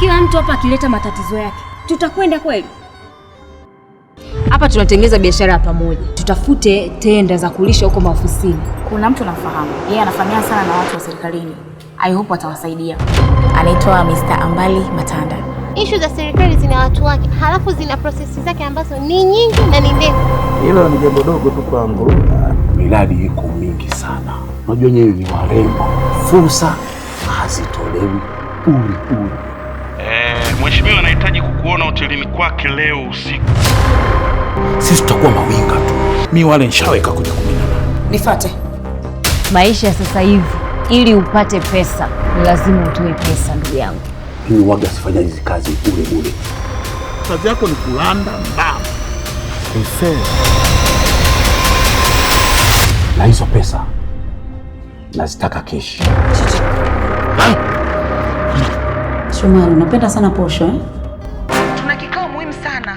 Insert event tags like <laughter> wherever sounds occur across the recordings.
Kila mtu hapa akileta matatizo yake, tutakwenda kweli? Hapa tunatengeneza biashara ya pamoja, tutafute tenda za kulisha huko maofisini. Kuna mtu nafahamu, yeye anafanyia sana na watu wa serikalini. I hope atawasaidia. Anaitwa Mr. Ambali Matanda. Ishu za serikali zina watu wake, halafu zina prosesi zake ambazo ni nyingi na ni ndefu. Hilo ni jambo dogo tu kwangu. Miradi iko mingi sana, unajua nyewe ni warembo, fursa hazitolewi bure bure. Mheshimiwa anahitaji kukuona hotelini kwake leo usiku. Sisi tutakuwa mawinga tu, mi wale nshaweka kuja kumina. Nifate maisha sasa hivi, ili upate pesa ni lazima utoe pesa, ndugu yangu. Mimi waga sifanya hizi kazi bure bure. Kazi yako ni kulanda mbao na hizo pesa nazitaka keshi. Shumari, unapenda sana posho eh? Tuna kikao muhimu sana.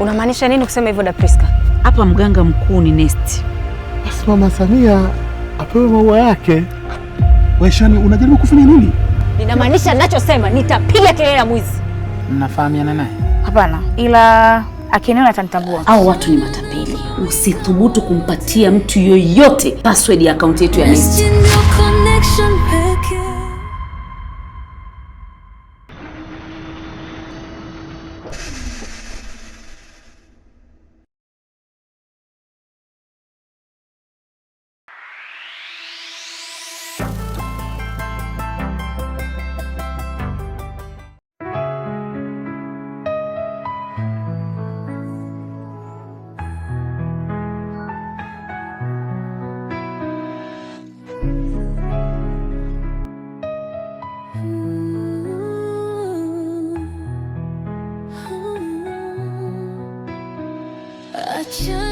Unamaanisha nini kusema hivyo da Priska? Hapa mganga mkuu ni Nest. Yes, Mama Samia apewe maua yake. Waishani, unajaribu kufanya nini? Ninamaanisha nachosema, nitapiga kelele ya mwizi. Mnafahamiana naye? Hapana, ila akiniona atanitambua. Au watu ni matapeli. Usithubutu kumpatia mtu yoyote password ya akaunti yetu ya Nest. should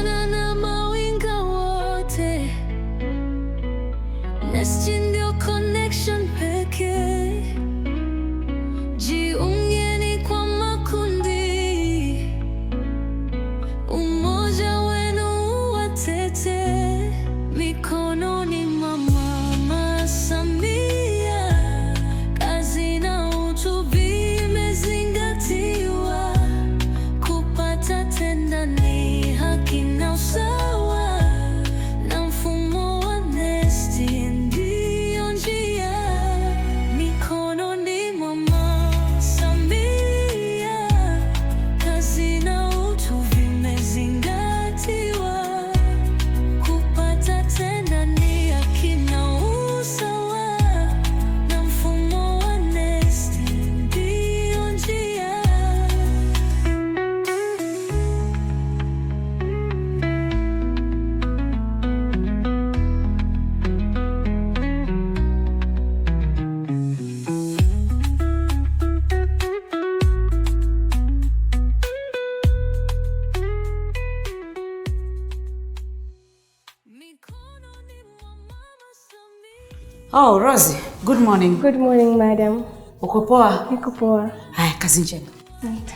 Oh, Rosie, good morning. Good morning, madam. Uko poa? Niko poa. Haya, kazi njema. Asante.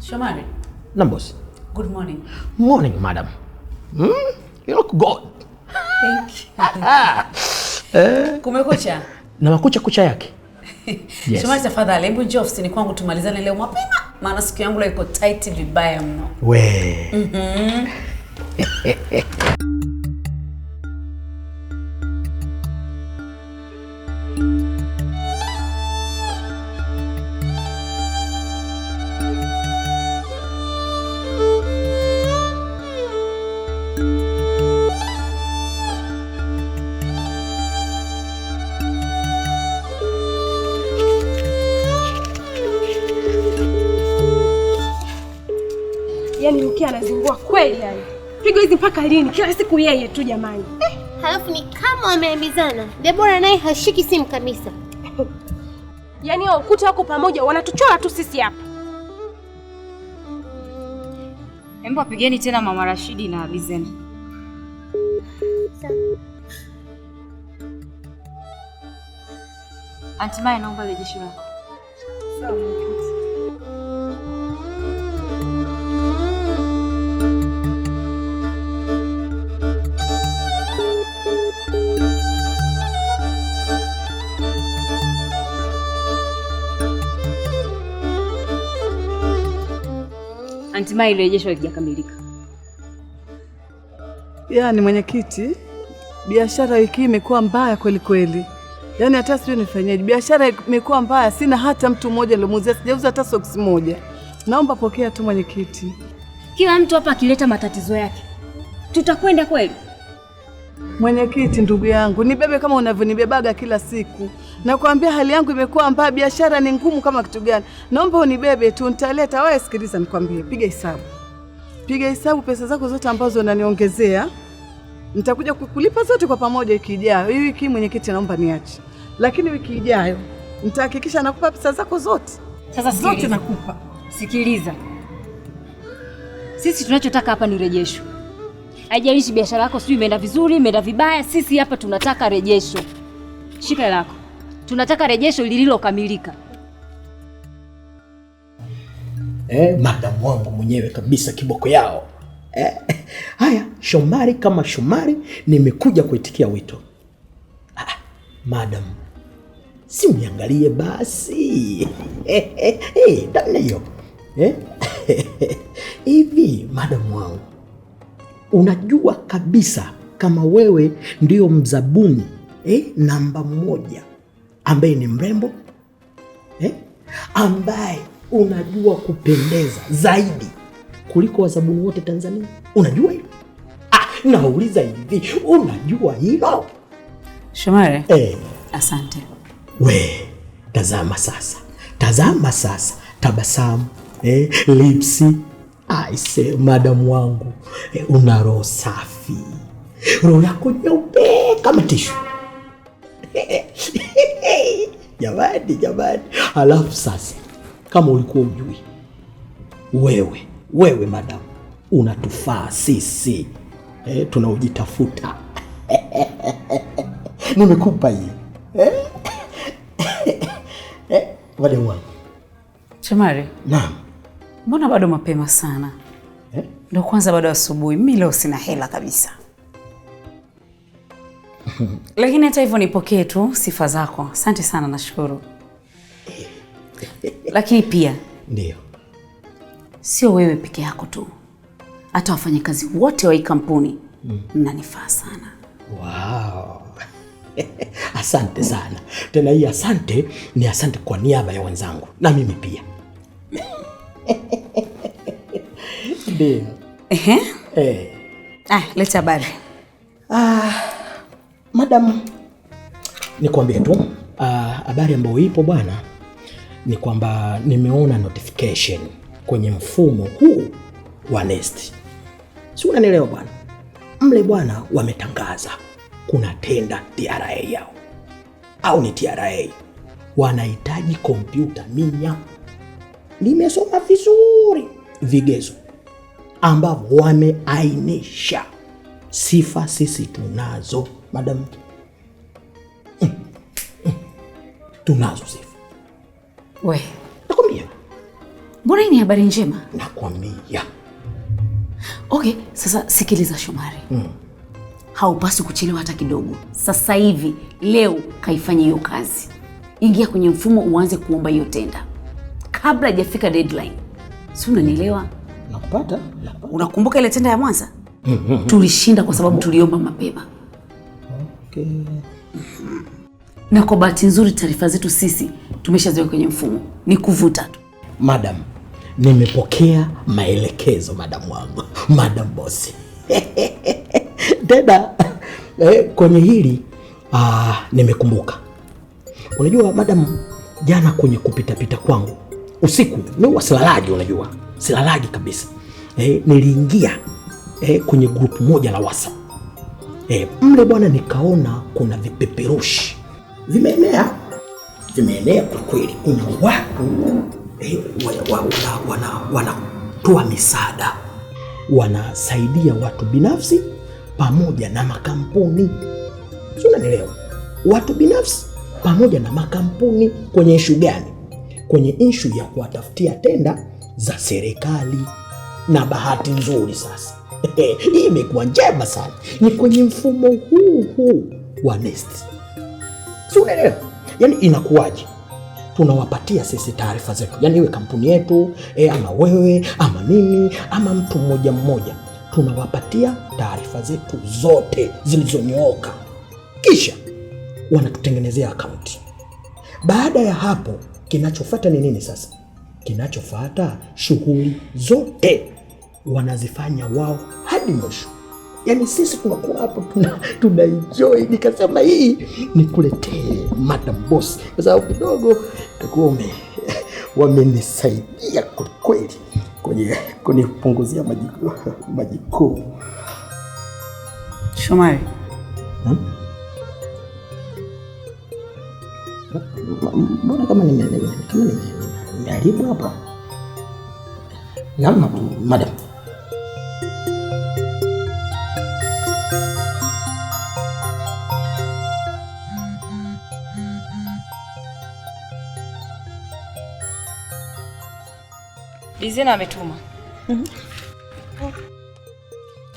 Shomari. Numbers. Good morning. Morning, madam. Mm? You look good. Thank you. <laughs> Eh? kumekucha. Na makucha kucha yake. <laughs> Yes. Shomari, tafadhali hebu njoo ofisini kwangu tumalizane leo mapema maana siku yangu la iko tight vibaya mno. We. Mhm. Mm <laughs> anazingua kweli yani. Pigo hizi mpaka lini? Kila siku yeye tu jamani. Eh, halafu ni kama wameambizana. Debora naye hashiki simu kabisa. <laughs> Yaani wao ukuta wako pamoja, wanatuchora tu sisi hapa. Embo, pigeni tena Mama Rashidi na Bizena. Antimaya, naomba rejesho lako. Sawa. hatimaye ilirejeshwa haijakamilika. Yaani mwenyekiti, biashara wiki hii imekuwa mbaya kweli kweli. Yaani hata sijui nifanyaje, Biashara imekuwa mbaya, sina hata mtu mmoja nilomuuzia, sijauza hata soksi moja. Naomba pokea tu mwenyekiti. Kila mtu hapa akileta matatizo yake, tutakwenda kweli? Mwenyekiti, ndugu yangu, nibebe kama unavyonibebaga kila siku. Nakwambia hali yangu imekuwa mbaya, biashara ni ngumu kama kitu gani. Naomba unibebe tu, nitaleta wewe. Sikiliza nikwambie, piga hesabu, piga hesabu pesa zako zote ambazo unaniongezea, nitakuja kukulipa zote kwa pamoja wiki ijayo. Hii wiki mwenyekiti, naomba niache, lakini wiki ijayo nitahakikisha nakupa pesa zako zote. Sasa zote nakupa. Sikiliza, sisi tunachotaka hapa ni rejesho. Haijalishi biashara yako sijui imeenda vizuri, imeenda vibaya, sisi hapa tunataka rejesho. Shika lako Tunataka rejesho lililokamilika. Eh, madamu wangu mwenyewe kabisa kiboko yao. Eh, <laughs> haya Shomari kama Shomari, nimekuja kuitikia wito. Ah, ah madam si mniangalie basi <laughs> eh, eh, eh, damna hiyo <laughs> hivi. Madamu wangu, unajua kabisa kama wewe ndio mzabuni eh, namba moja ambaye ni mrembo eh, ambaye unajua kupendeza zaidi kuliko wazabuni wote Tanzania. Unajua hilo? Ah, nauliza hivi, unajua hilo Shomare? Eh, asante. We tazama sasa, tazama sasa, tabasamu eh, lipsi Aise, madamu wangu eh, una roho safi, roho yako nyeupe kama tishu <laughs> Jamani, jamani! Halafu sasa, kama ulikuwa ujui, wewe wewe madam, unatufaa sisi eh, tunaojitafuta <laughs> nimekupa hii eh? <laughs> eh, wangu Shomari. Naam. Mbona bado mapema sana eh? Ndo kwanza bado asubuhi. Mimi leo sina hela kabisa. <laughs> lakini hata hivyo nipokee tu sifa zako. Asante sana, nashukuru. Eh. Lakini pia ndio, sio wewe peke yako tu, hata wafanyakazi wote wa hii kampuni mm. mnanifaa mm. sana. Wow. <laughs> Asante sana tena, hii asante ni asante kwa niaba ya wenzangu na mimi pia <laughs> ndio. Ehe. Eh. Ah, leta habari. Ah. Madam, nikwambie tu ah, habari ambayo ipo bwana ni kwamba nimeona notification kwenye mfumo huu wa NeST, si unanielewa bwana? Mle bwana wametangaza kuna tenda TRA yao au ni TRA, wanahitaji kompyuta minya. Nimesoma vizuri vigezo ambavyo wameainisha, sifa sisi tunazo madam mm, mm, tunazo sifa. We nakwambia, mbona hii ni habari njema nakwambia. Okay, sasa sikiliza Shomari, mm. haupaswi kuchelewa hata kidogo. Sasa hivi leo kaifanya hiyo kazi, ingia kwenye mfumo uanze kuomba hiyo tenda kabla hajafika deadline, si unanielewa? Nakupata, nakupata. Unakumbuka ile tenda ya Mwanza? mm -hmm. Tulishinda kwa sababu tuliomba mapema. Okay. Na kwa bahati nzuri taarifa zetu sisi tumeshaziweka kwenye mfumo, ni kuvuta tu. Madam, nimepokea maelekezo madam wangu, <laughs> madam bosi. Dada, <laughs> eh, kwenye hili ah, nimekumbuka. Unajua madam, jana kwenye kupitapita kwangu usiku mi huwa unajua silalaji kabisa eh, niliingia eh, kwenye grupu moja la WhatsApp E, mle bwana, nikaona kuna vipeperushi vimeenea, vimeenea kwa kweli, kuna watu e, wanatoa wana, wana, wana misaada, wanasaidia watu binafsi pamoja na makampuni, si unanielewa? Watu binafsi pamoja na makampuni kwenye ishu gani? Kwenye ishu ya kuwatafutia tenda za serikali. Na bahati nzuri sasa hii imekuwa njema sana, ni kwenye mfumo huu huu wa NeST, si unaelewa? Yaani inakuwaje tunawapatia sisi taarifa zetu, yaani iwe kampuni yetu e, ama wewe ama mimi ama mtu mmoja mmoja, tunawapatia taarifa zetu zote zilizonyooka, kisha wanatutengenezea akaunti. Baada ya hapo, kinachofuata ni nini sasa? Kinachofuata shughuli zote wanazifanya wao hadi mwisho. Yaani sisi tunakuwa hapo tuna, tuna enjoy. Nikasema hii nikuletee Madam Boss kwa sababu kidogo takuwa wamenisaidia kwa kweli kwenye kunipunguzia majikuu. Shomari, mbona kama nimeharibu hapa? Naam madam. Lizena ametuma mm -hmm.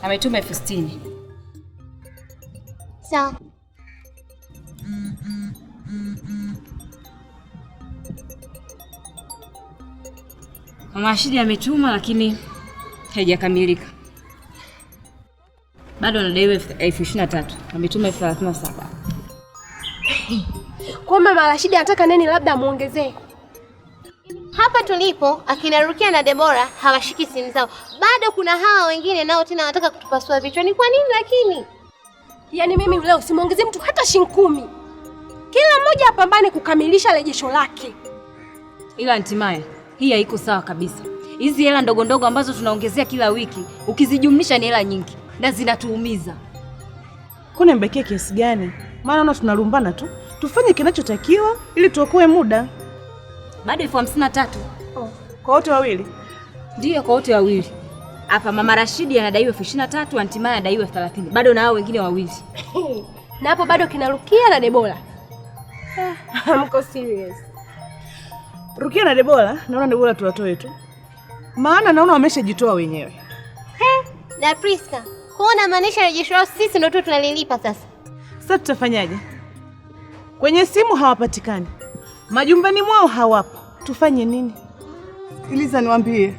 ametuma elfu sitini sawa. Mwashidi ametuma lakini haijakamilika bado, anadaiwa elfu ishirini na tatu. Ametuma elfu thelathini na saba kwa mama Rashidi anataka nini, labda muongezee hapa tulipo akina Rukia na Debora hawashiki simu zao bado. Kuna hawa wengine nao tena wanataka kutupasua vichwa. Ni kwa nini lakini? Yaani mimi leo simwongezi mtu hata shilingi kumi. Kila mmoja apambane kukamilisha rejesho lake. Ila ntimaye hii haiko sawa kabisa. Hizi hela ndogo ndogo ambazo tunaongezea kila wiki ukizijumlisha ni hela nyingi na zinatuumiza. Kuna mbekia kiasi gani? Maana naona tunalumbana tu. Tufanye kinachotakiwa ili tuokoe muda bado elfu hamsini na tatu oh, Kwa wote wawili? Ndiyo, kwa wote wawili hapa. Mama Rashidi anadaiwa elfu ishirini na tatu Antimaya anadaiwa elfu thelathini bado na hao wengine wawili <laughs> na hapo bado kina Rukia na Debora. Ah, <laughs> mko serious? Rukia na Debora, naona Debora tuwatoe tu, maana naona wameshajitoa wenyewe. He, na Priska kuona maanisha rejesho lao sisi ndio tu tunalilipa sasa. Sasa tutafanyaje? Kwenye simu hawapatikani majumbani mwao hawapo, tufanye nini? Sikiliza niwambie,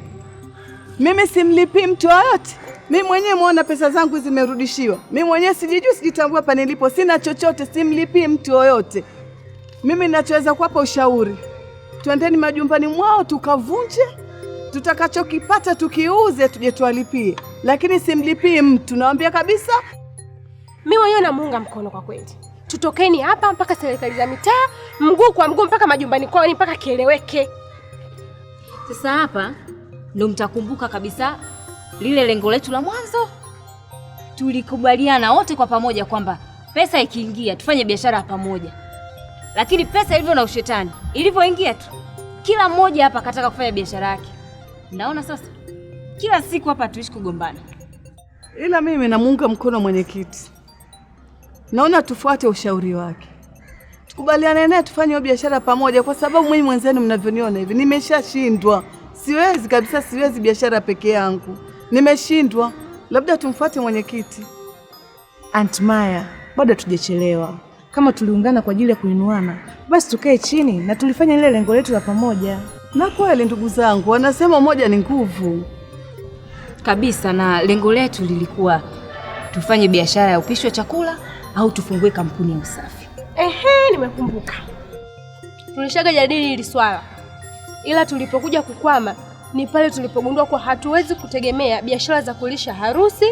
mimi simlipii mtu yoyote. Mi mwenyewe mwaona pesa zangu zimerudishiwa. Mi mwenyewe sijijui, sijitambua hapa nilipo, sina chochote, simlipii mtu yoyote. Mimi nachoweza kuwapa ushauri, twendeni majumbani mwao tukavunje, tutakachokipata tukiuze, tuje tuwalipie, lakini simlipii mtu, nawambia kabisa. Mi mwenyewe namuunga mkono kwa kweli tutokeni hapa mpaka serikali za mitaa, mguu kwa mguu mpaka majumbani kwao, mpaka kieleweke. Sasa hapa ndo mtakumbuka kabisa lile lengo letu la mwanzo. Tulikubaliana wote kwa pamoja kwamba pesa ikiingia tufanye biashara pamoja, lakini pesa ilivyo na ushetani, ilivyoingia tu kila mmoja hapa kataka kufanya biashara yake. Naona sasa kila siku hapa tuishi kugombana, ila mimi namuunga mkono mwenyekiti Naona tufuate ushauri wake, tukubaliane naye tufanye hiyo biashara pamoja, kwa sababu mimi mwenzenu, mnavyoniona hivi, nimeshashindwa. Siwezi kabisa, siwezi biashara peke yangu, nimeshindwa. Labda tumfuate mwenyekiti. Aunt Maya, bado tujechelewa Kama tuliungana kwa ajili ya kuinuana, basi tukae chini na tulifanya ile lengo letu la pamoja. Na kweli, ndugu zangu, wanasema umoja ni nguvu kabisa, na lengo letu lilikuwa tufanye biashara ya upishi wa chakula au tufungue kampuni ya usafi. Ehe, nimekumbuka, tulishaga jadili hili swala, ila tulipokuja kukwama ni pale tulipogundua kuwa hatuwezi kutegemea biashara za kulisha harusi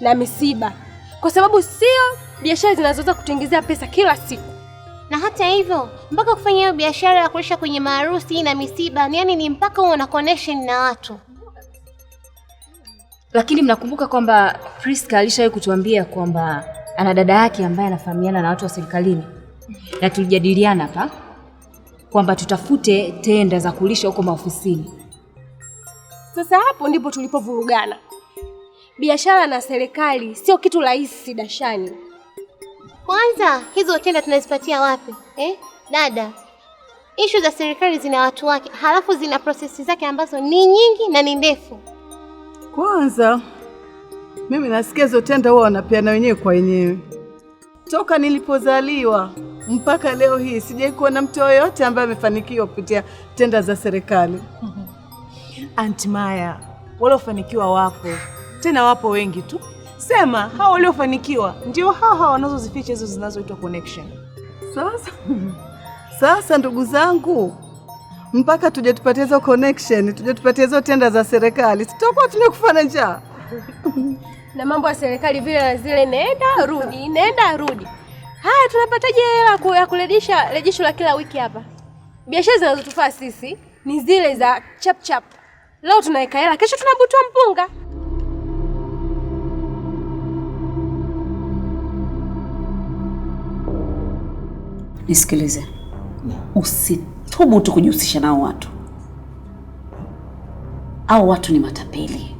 na misiba, kwa sababu sio biashara zinazoweza kutuingizia pesa kila siku. Na hata hivyo, mpaka kufanya hiyo biashara ya kulisha kwenye maharusi na misiba, yani ni mpaka uwe na connection na watu. Lakini mnakumbuka kwamba Priska alishawahi kutuambia kwamba ana dada yake ambaye anafahamiana na watu wa serikalini, na tulijadiliana hapa kwamba tutafute tenda za kulisha huko maofisini. Sasa hapo ndipo tulipovurugana. Biashara na serikali sio kitu rahisi, Dashani. Kwanza hizo tenda tunazipatia wapi eh? Dada, ishu za serikali zina watu wake, halafu zina prosesi zake ambazo ni nyingi na ni ndefu. Kwanza mimi nasikia hizo tenda huwa wanapeana wenyewe kwa wenyewe. Toka nilipozaliwa mpaka leo hii sijai kuona mtu yoyote ambaye amefanikiwa kupitia tenda za serikali. Anti <laughs> Maya, waliofanikiwa wapo, tena wapo wengi tu. Sema hao waliofanikiwa ndio hao hao wanazozificha hizo zinazoitwa connection. Sasa <laughs> sasa, ndugu zangu, mpaka tujatupatia hizo connection, tujatupatia hizo tenda za serikali, sitakuwa tumekufana njaa na mambo ya serikali vile na zile, nenda rudi, nenda rudi. Haya, tunapataje hela ya kurejesha rejesho la kila wiki hapa? Biashara zinazotufaa sisi ni zile za chap chap. Leo tunaweka hela, kesho tunabutua mpunga. Nisikilize, usithubutu kujihusisha nao watu au watu ni matapeli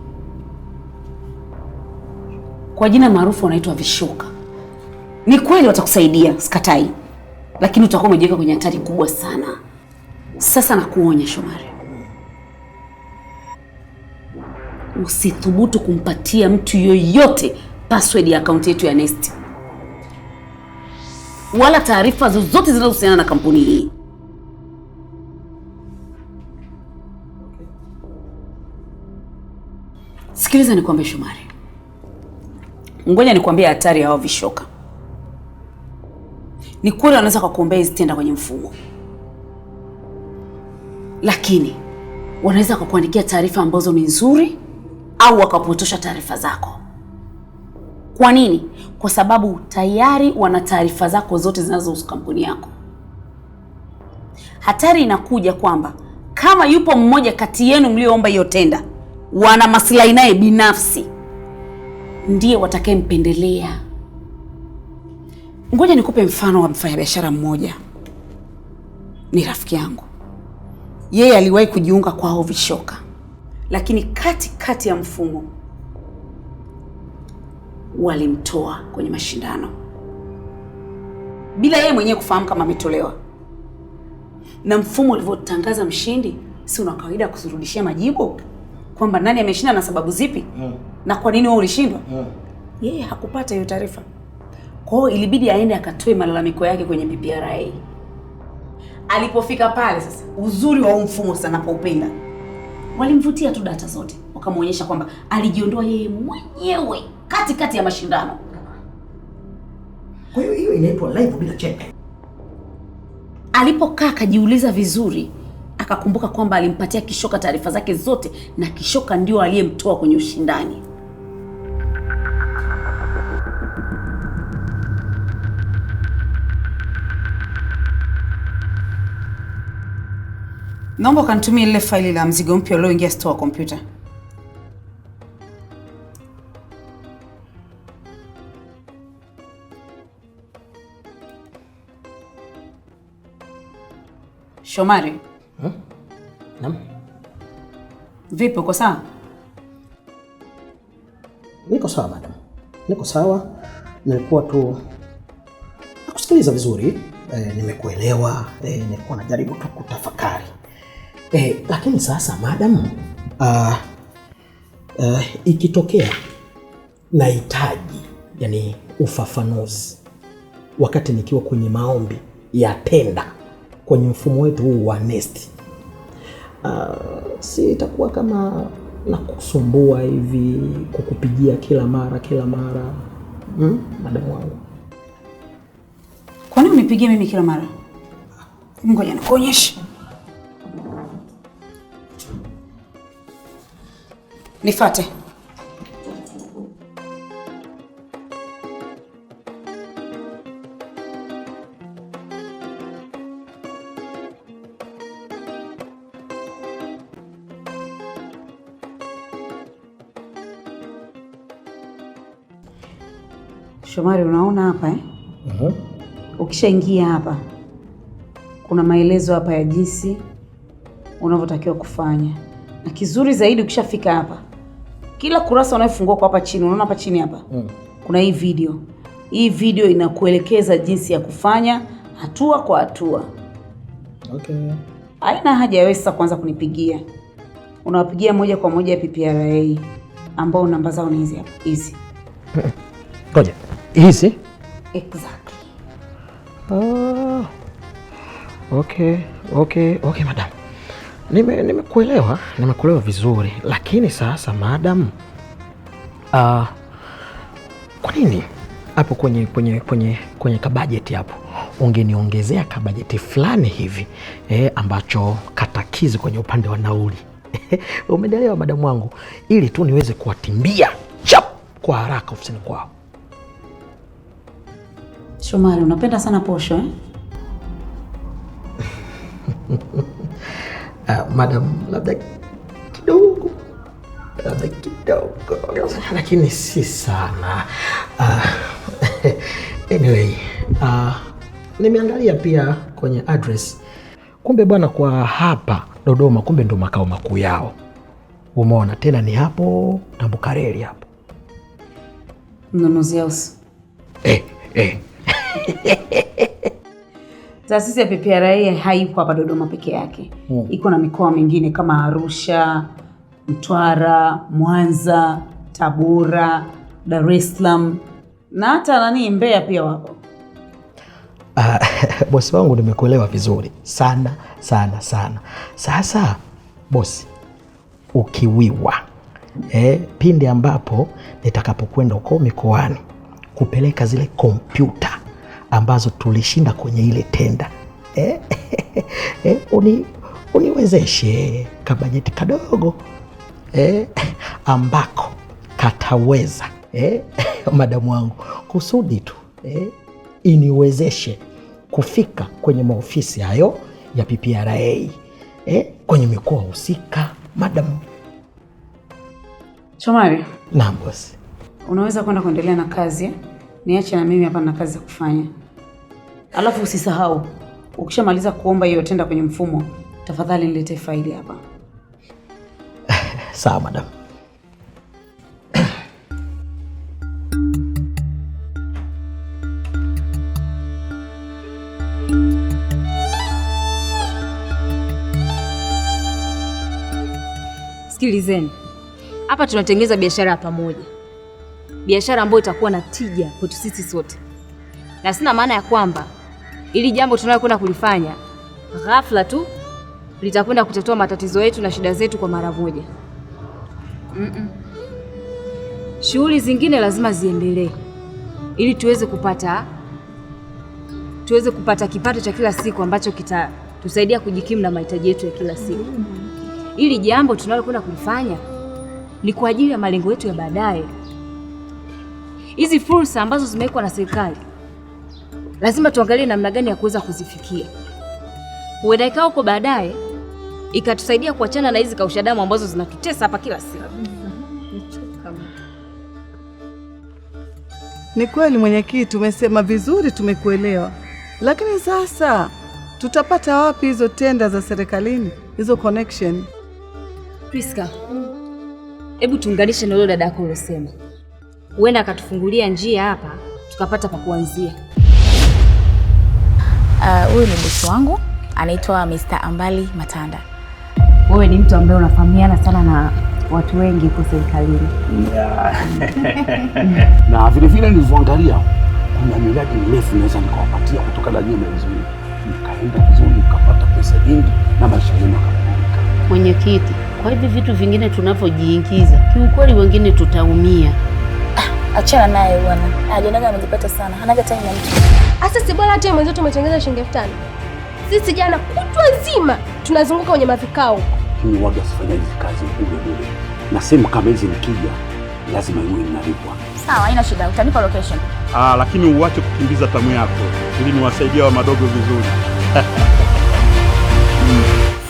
kwa jina maarufu wanaitwa vishoka Ni kweli watakusaidia, sikatai, lakini utakuwa umejiweka kwenye hatari kubwa sana. Sasa nakuonya Shomari, usithubutu kumpatia mtu yoyote password ya akaunti yetu ya nest wala taarifa zozote zinazohusiana na kampuni hii. Sikiliza nikwambie, Shomari Ngoja nikwambie hatari ya hao vishoka. Ni kweli wanaweza kukuombea hizi tenda kwenye mfumo, lakini wanaweza kukuandikia taarifa ambazo ni nzuri au wakapotosha taarifa zako. Kwa nini? Kwa sababu tayari wana taarifa zako zote zinazohusu kampuni yako. Hatari inakuja kwamba kama yupo mmoja kati yenu mlioomba hiyo tenda, wana maslahi naye binafsi ndiye watakayempendelea. Ngoja nikupe mfano wa mfanyabiashara mmoja, ni rafiki yangu. Yeye aliwahi kujiunga kwa hao vishoka, lakini kati kati ya mfumo walimtoa kwenye mashindano bila yeye mwenyewe kufahamu kama ametolewa. Na mfumo ulivyotangaza mshindi, si una kawaida kuzurudishia majibu kwamba nani ameshinda na sababu zipi? mm na kwa nini wewe ulishindwa? Yeah. Yeye hakupata hiyo taarifa, kwa hiyo ilibidi aende akatoe malalamiko yake kwenye PPRA. Alipofika pale sasa, uzuri wa mfumo sana kwa upenda, walimvutia tu data zote, wakamwonyesha kwamba alijiondoa yeye mwenyewe katikati ya mashindano. Kwa hiyo hiyo inaitwa live bila check. Alipokaa akajiuliza vizuri, akakumbuka kwamba alimpatia Kishoka taarifa zake zote na Kishoka ndio aliyemtoa kwenye ushindani. Naomba ukanitumia lile faili la mzigo mpya ulioingia store wa kompyuta. Shomari. Hmm? Naam. Vipi uko sawa? Niko sawa madam. Niko sawa. Nilikuwa tu nakusikiliza vizuri. E, nimekuelewa. E, nilikuwa najaribu tu kutafa Eh, lakini sasa madam, uh, uh, ikitokea nahitaji yani ufafanuzi wakati nikiwa kwenye maombi ya tenda kwenye mfumo wetu huu wa nesti uh, ah, si itakuwa kama nakusumbua hivi kukupigia kila mara kila mara hmm? Madamu wangu, kwani unipigie mimi kila mara? Ngoja nikuonyeshe Nifate. Shomari, unaona hapa eh? Ukishaingia hapa kuna maelezo hapa ya jinsi unavyotakiwa kufanya, na kizuri zaidi ukishafika hapa kila kurasa unayofungua kwa hapa chini, unaona hapa chini hapa mm. kuna hii video. Hii video inakuelekeza jinsi ya kufanya hatua kwa hatua. Okay. aina haja ya wewe sasa kuanza kunipigia, unawapigia moja kwa moja PPRA ambao namba zao ni hizi hapa hizi. <laughs> Ngoja hizi exactly. Oh. Okay, okay, okay madam. Nime nimekuelewa nimekuelewa vizuri, lakini sasa maadamu uh, ah, kwa nini hapo kwenye kwenye kwenye kwenye kabajeti hapo ungeniongezea kabajeti fulani hivi eh, ambacho katakizi kwenye upande wa nauli <laughs> umenielewa madam wangu, ili tu niweze kuwatimbia chap kwa haraka ofisini kwao. Shomari, unapenda sana posho eh? <laughs> uh, madam, labda kidogo, labda kidogo, lakini si sana uh, <laughs> anyway uh, nimeangalia pia kwenye address, kumbe bwana, kwa hapa Dodoma, kumbe ndo makao makuu yao. Umeona tena ni hapo na bukareli hapo mnunuzi house eh, eh. <laughs> Taasisi ya PPRA haiko hapa Dodoma peke yake hmm. Iko na mikoa mingine kama Arusha, Mtwara, Mwanza, Tabora, Dar es Salaam na hata nani Mbeya pia wapo. Uh, ah, <laughs> bosi wangu nimekuelewa vizuri sana sana sana. Sasa bosi, ukiwiwa eh, pindi ambapo nitakapokwenda uko mikoani kupeleka zile kompyuta ambazo tulishinda kwenye ile tenda eh, <laughs> eh, uni, uniwezeshe kabajeti kadogo eh, ambako kataweza eh, <laughs> madamu wangu kusudi tu eh, iniwezeshe kufika kwenye maofisi hayo ya PPRA eh, kwenye mikoa husika madam Shomari. Naam bosi. Unaweza kwenda kuendelea na kazi, eh? niache na mimi hapa na kazi ya kufanya. Alafu usisahau ukishamaliza kuomba hiyo tenda kwenye mfumo, tafadhali niletee faili hapa. <laughs> Sawa madam. Sikilizeni hapa, tunatengeneza biashara ya pamoja, biashara ambayo itakuwa na tija kwetu sisi sote, na sina maana ya kwamba ili jambo tunalokwenda kulifanya ghafla tu litakwenda kutatua matatizo yetu na shida zetu kwa mara moja. mm -mm. Shughuli zingine lazima ziendelee ili tuweze kupata tuweze kupata kipato cha kila siku ambacho kitatusaidia kujikimu na mahitaji yetu ya kila siku. Ili jambo tunalokwenda kulifanya ni kwa ajili ya malengo yetu ya baadaye. Hizi fursa ambazo zimewekwa na serikali lazima tuangalie namna gani ya kuweza kuzifikia. Huenda ikawa huko baadaye ikatusaidia kuachana na hizi kausha damu ambazo zinatutesa hapa kila siku. Ni kweli mwenyekiti, umesema vizuri, tumekuelewa. Lakini sasa tutapata wapi hizo tenda za serikalini, hizo connection? Priska, hebu tuunganishe na yule dada yako uliosema, huenda akatufungulia njia hapa tukapata pa kuanzia. Uh, huyu uh, ni bosi wangu anaitwa Mr. Ambali Matanda. Wewe ni mtu ambaye unafahamiana sana na watu wengi huko serikalini. Yeah. <laughs> na vile vile nilivyoangalia kuna miradi mirefu naweza nikawapatia kutokana na nyie mazuri, Nikaenda vizuri, nikapata pesa nyingi na maisha yangu yakabadilika. Mwenyekiti, kwa hivi vitu vingine tunavyojiingiza, kiukweli wengine tutaumia. Achana naye bwana. Aliendaga amejipata sana. Hanaga time na mtu. Sasa si bora hata mwenzetu umetengeza shilingi elfu tano. Sisi jana kutwa nzima tunazunguka kwenye mavikao. Mimi waga sifanya hizi kazi bure bure. Na sehemu kama hizi nikija lazima iwe inalipwa. Sawa, haina shida. Utanipa location. Ah, lakini uache kukimbiza tamu yako ili niwasaidie wa madogo vizuri. <laughs>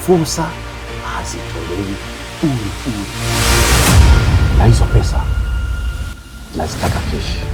Fursa hazitolewi bure bure. Na hizo pesa nas Takakishi. Tá